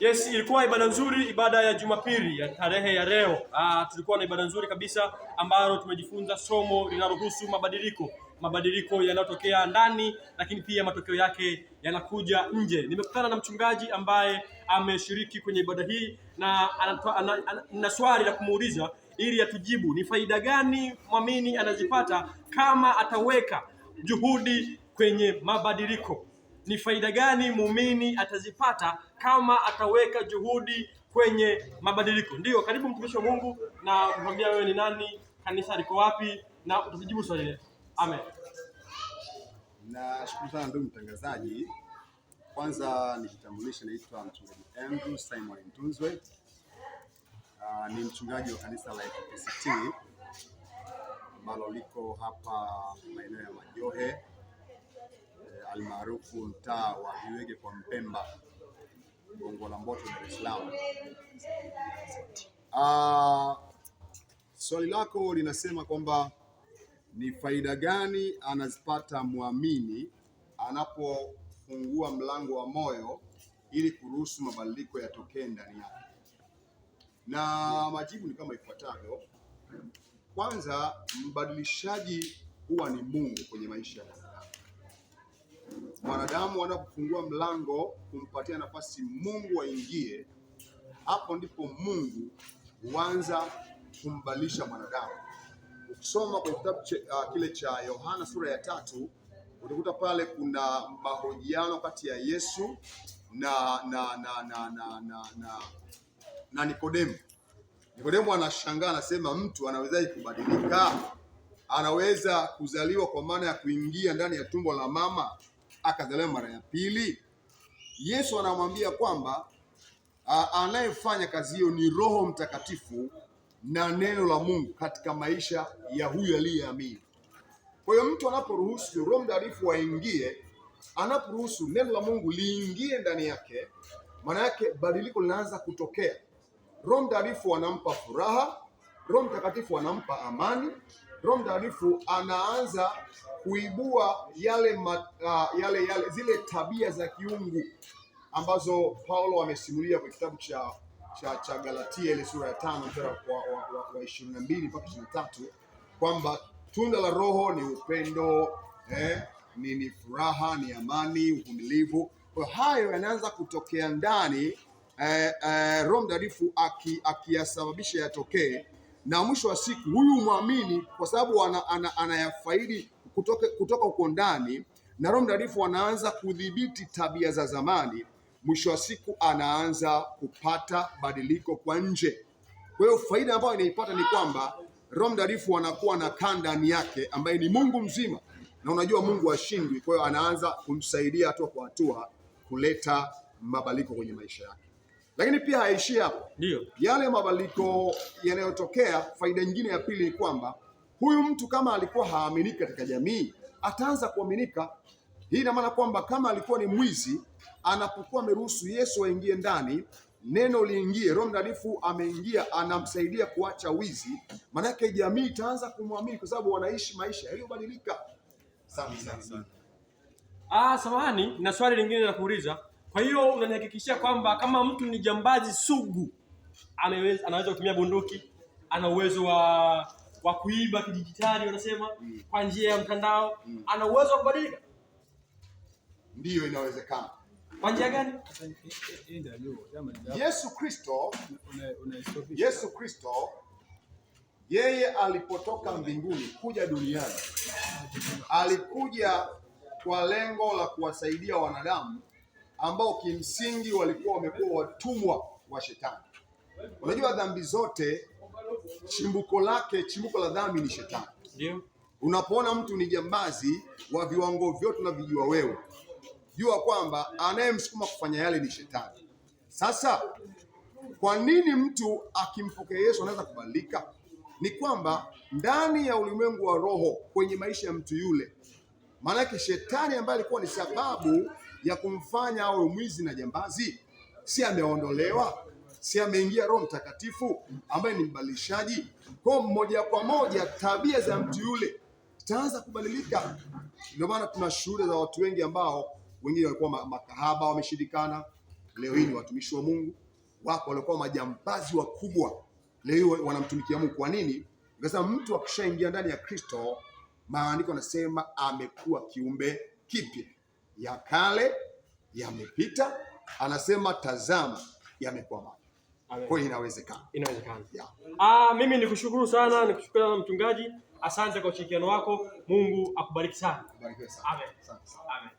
Yes, ilikuwa ibada nzuri, ibada ya Jumapili ya tarehe ya leo. Ah, tulikuwa na ibada nzuri kabisa ambalo tumejifunza somo linalohusu mabadiliko, mabadiliko yanayotokea ndani, lakini pia matokeo yake yanakuja nje. Nimekutana na mchungaji ambaye ameshiriki kwenye ibada hii na na swali la kumuuliza ili atujibu ni faida gani mwamini anazipata kama ataweka juhudi kwenye mabadiliko ni faida gani muumini atazipata kama ataweka juhudi kwenye mabadiliko? ndio karibu mtumishi wa Mungu na kumwambia wewe ni nani, kanisa liko wapi, na utajibu swali letu. Amen. Nashukuru sana ndugu mtangazaji. Kwanza nikitambulisha, naitwa mchungaji Andrew Simon Ntunzwe. Uh, ah, ni mchungaji wa kanisa la FPCT ambalo liko hapa maeneo ya Majohe almaarufu mtaa wa Viwege kwa Mpemba, Gongo la Mboto, Dar es Salaam. Uh, swali lako linasema kwamba ni faida gani anazipata muamini anapofungua mlango wa moyo ili kuruhusu mabadiliko yatokee ndani yake, na majibu ni kama ifuatavyo. Kwanza, mbadilishaji huwa ni Mungu kwenye maisha yake mwanadamu anapofungua mlango kumpatia nafasi Mungu aingie, hapo ndipo Mungu huanza kumbalisha mwanadamu. Ukisoma kwenye kitabu uh, kile cha Yohana sura ya tatu utakuta pale kuna mahojiano kati ya Yesu na, na, na, na, na, na, na, na Nikodemu. Nikodemu anashangaa anasema, mtu anawezaje kubadilika? Anaweza kuzaliwa kwa maana ya kuingia ndani ya tumbo la mama? akazaliwa mara ya pili? Yesu anamwambia kwamba anayefanya kazi hiyo ni Roho Mtakatifu na neno la Mungu katika maisha ya huyu aliyeamini. Kwa hiyo mtu anaporuhusu Roho Mtakatifu aingie, anaporuhusu neno la Mungu liingie ndani yake, maana yake badiliko linaanza kutokea. Roho Mtakatifu anampa furaha, Roho Mtakatifu anampa amani, Roho Mtakatifu anaanza kuibua yale, ma, uh, yale yale zile tabia za kiungu ambazo Paulo amesimulia kwa kitabu cha, cha, cha Galatia ile sura ya tano mstari wa ishirini na mbili mpaka ishirini na tatu kwamba tunda la Roho ni upendo eh, ni, ni furaha, ni amani, uvumilivu. Kwa hayo yanaanza kutokea ndani eh, eh, Roho Mtakatifu akiyasababisha aki yatokee na mwisho wa siku huyu mwamini, kwa sababu anayafaidi ana, ana kutoka, huko uko ndani na Roho Mtakatifu anaanza kudhibiti tabia za zamani. Mwisho wa siku anaanza kupata badiliko kwa nje. Kwa hiyo faida ambayo inaipata ni kwamba Roho Mtakatifu anakuwa na kaa ndani yake ambaye ni Mungu mzima, na unajua Mungu hashindwi. Kwa hiyo anaanza kumsaidia hatua kwa hatua kuleta mabadiliko kwenye maisha yake. Lakini pia haishi hapo, ndio yale mabadiliko yanayotokea. Faida nyingine ya pili ni kwamba huyu mtu kama alikuwa haaminiki katika jamii ataanza kuaminika. Hii ina maana kwamba kama alikuwa ni mwizi, anapokuwa ameruhusu Yesu aingie ndani, neno liingie, Roho Mtakatifu ameingia, anamsaidia kuacha wizi, maanake jamii itaanza kumwamini kwa sababu wanaishi maisha yaliyobadilika. Ah, samahani, na swali lingine la kuuliza kwa hiyo unanihakikishia kwamba kama mtu ni jambazi sugu, ameweza anaweza kutumia bunduki, ana uwezo wa wa kuiba kidijitali wanasema mm. kwa njia ya mtandao mm. ana uwezo wa kubadilika. Ndiyo, inawezekana. Kwa njia gani? Yesu Kristo, Yesu Kristo yeye alipotoka mbinguni kuja duniani alikuja kwa lengo la kuwasaidia wanadamu ambao kimsingi walikuwa wamekuwa watumwa wa shetani. Unajua dhambi zote chimbuko lake, chimbuko la dhambi ni shetani. Yeah. Unapoona mtu ni jambazi wa viwango vyote unavijua wewe, jua kwamba anayemsukuma kufanya yale ni shetani. Sasa kwa nini mtu akimpokea Yesu anaweza kubadilika? Ni kwamba ndani ya ulimwengu wa roho, kwenye maisha ya mtu yule, maanake shetani ambaye alikuwa ni sababu ya kumfanya awe mwizi na jambazi? Si ameondolewa? Si ameingia Roho Mtakatifu ambaye ni mbadilishaji? Kwa moja kwa moja tabia za mtu yule zitaanza kubadilika. Ndio maana tuna shuhuda za watu wengi ambao wengine walikuwa makahaba wameshindikana, leo hii ni watumishi wa Mungu. Wako waliokuwa majambazi wakubwa, leo hii wanamtumikia Mungu. Kwa nini? Nikasema mtu akishaingia ndani ya Kristo, maandiko anasema amekuwa kiumbe kipya ya kale yamepita, anasema tazama, yamekuwa mapya. Kwa hiyo inawezekana, inawezekana. Yeah. Ah, mimi nikushukuru sana, nikushukuru sana mchungaji, asante kwa ushirikiano wako. Mungu akubariki sana. Amen. sana. Amen.